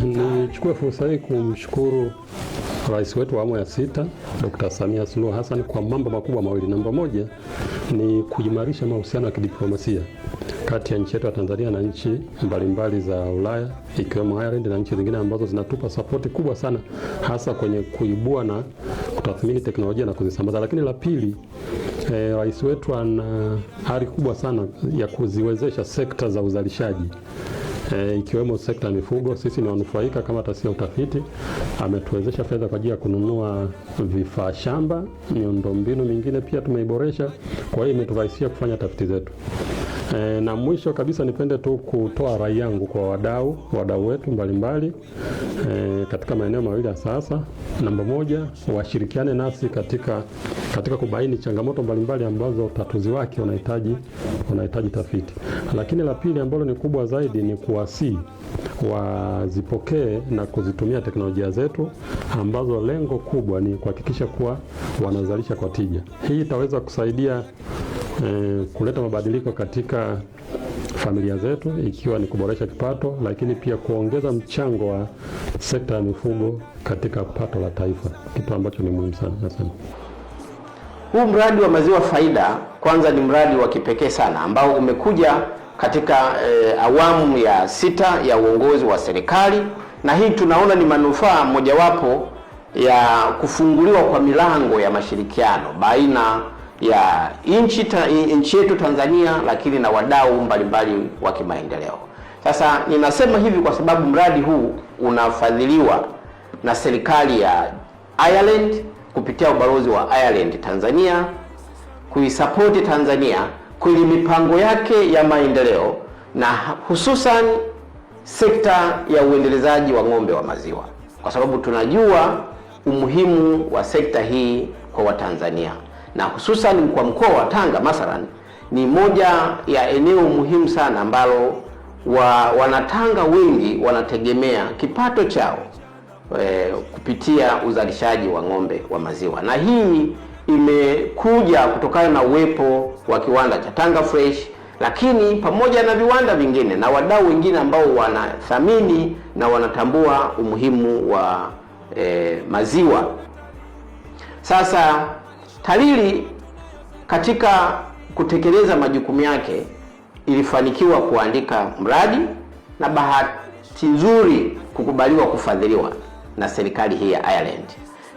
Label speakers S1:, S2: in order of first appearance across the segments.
S1: Nichukue fursa hii kumshukuru rais wetu wa awamu ya sita Dr. Samia Suluhu Hassan kwa mambo makubwa mawili. Namba moja ni kuimarisha mahusiano ya kidiplomasia kati ya nchi yetu ya Tanzania na nchi mbalimbali za Ulaya ikiwemo Ireland na nchi zingine ambazo zinatupa sapoti kubwa sana hasa kwenye kuibua na kutathmini teknolojia na kuzisambaza. Lakini la pili E, rais wetu ana ari kubwa sana ya kuziwezesha sekta za uzalishaji e, ikiwemo sekta ya mifugo. Sisi ni wanufaika kama taasisi ya utafiti, ametuwezesha fedha kwa ajili ya kununua vifaa shamba, miundombinu mingine pia tumeiboresha, kwa hiyo imeturahisia kufanya tafiti zetu. E, na mwisho kabisa nipende tu kutoa rai yangu kwa wadau wadau wetu mbalimbali e, katika maeneo mawili ya sasa. Namba moja, washirikiane nasi katika, katika kubaini changamoto mbalimbali ambazo utatuzi wake unahitaji unahitaji tafiti, lakini la pili ambalo ni kubwa zaidi ni kuwasii wazipokee na kuzitumia teknolojia zetu ambazo lengo kubwa ni kuhakikisha kuwa wanazalisha kwa tija. Hii itaweza kusaidia Eh, kuleta mabadiliko katika familia zetu ikiwa ni kuboresha kipato, lakini pia kuongeza mchango wa sekta ya mifugo katika pato la taifa, kitu ambacho ni muhimu sana. Nasema
S2: huu mradi wa maziwa faida kwanza ni mradi wa kipekee sana ambao umekuja katika e, awamu ya sita ya uongozi wa serikali, na hii tunaona ni manufaa mojawapo ya kufunguliwa kwa milango ya mashirikiano baina ya nchi ta, nchi yetu Tanzania, lakini na wadau mbalimbali wa kimaendeleo. Sasa ninasema hivi kwa sababu mradi huu unafadhiliwa na serikali ya Ireland kupitia ubalozi wa Ireland Tanzania kuisapoti Tanzania kwenye mipango yake ya maendeleo na hususan sekta ya uendelezaji wa ng'ombe wa maziwa, kwa sababu tunajua umuhimu wa sekta hii kwa Watanzania na hususan kwa mkoa wa Tanga mathalan, ni moja ya eneo muhimu sana ambalo wa Wanatanga wengi wanategemea kipato chao e, kupitia uzalishaji wa ng'ombe wa maziwa, na hii imekuja kutokana na uwepo wa kiwanda cha Tanga Fresh, lakini pamoja na viwanda vingine na wadau wengine ambao wanathamini na wanatambua umuhimu wa e, maziwa. Sasa TALIRI katika kutekeleza majukumu yake ilifanikiwa kuandika mradi na bahati nzuri kukubaliwa kufadhiliwa na serikali hii ya Ireland.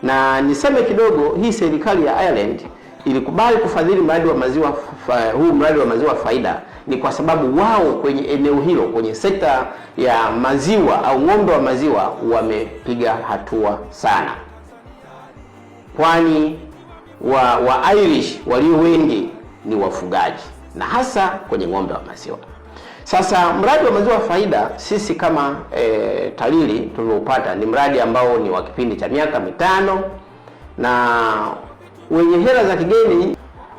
S2: Na niseme kidogo, hii serikali ya Ireland ilikubali kufadhili mradi wa maziwa fa, huu mradi wa maziwa faida ni kwa sababu wao kwenye eneo hilo, kwenye sekta ya maziwa au ng'ombe wa maziwa wamepiga hatua sana, kwani wa, wa Irish walio wengi ni wafugaji na hasa kwenye ng'ombe wa maziwa. Sasa mradi wa maziwa faida, sisi kama e, TALIRI tuliopata ni mradi ambao ni wa kipindi cha miaka mitano na wenye hela za kigeni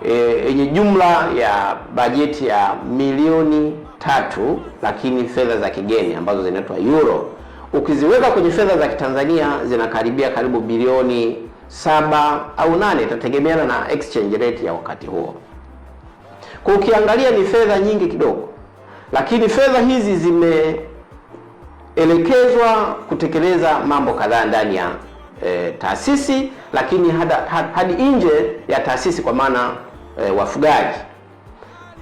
S2: e, yenye e, jumla ya bajeti ya milioni tatu, lakini fedha za kigeni ambazo zinaitwa euro ukiziweka kwenye fedha za Kitanzania zinakaribia karibu bilioni saba au nane, itategemeana na exchange rate ya wakati huo. Kwa ukiangalia ni fedha nyingi kidogo, lakini fedha hizi zimeelekezwa kutekeleza mambo kadhaa ndani ya e, taasisi lakini hada, hadi nje ya taasisi kwa maana e, wafugaji.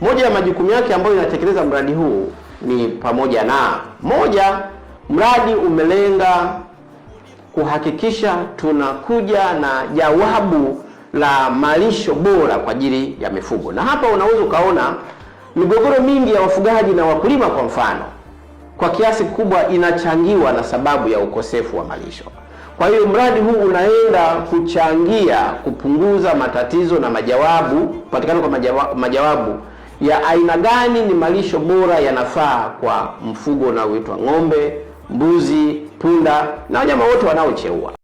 S2: Moja ya majukumu yake ambayo inatekeleza mradi huu ni pamoja na moja, mradi umelenga kuhakikisha tunakuja na jawabu la malisho bora kwa ajili ya mifugo. Na hapa unaweza ukaona migogoro mingi ya wafugaji na wakulima kwa mfano, kwa kiasi kikubwa inachangiwa na sababu ya ukosefu wa malisho. Kwa hiyo mradi huu unaenda kuchangia kupunguza matatizo na majawabu, patikana kwa majawabu, majawabu ya aina gani ni malisho bora yanafaa kwa mfugo unaoitwa ng'ombe mbuzi, punda na wanyama wote wanaocheua.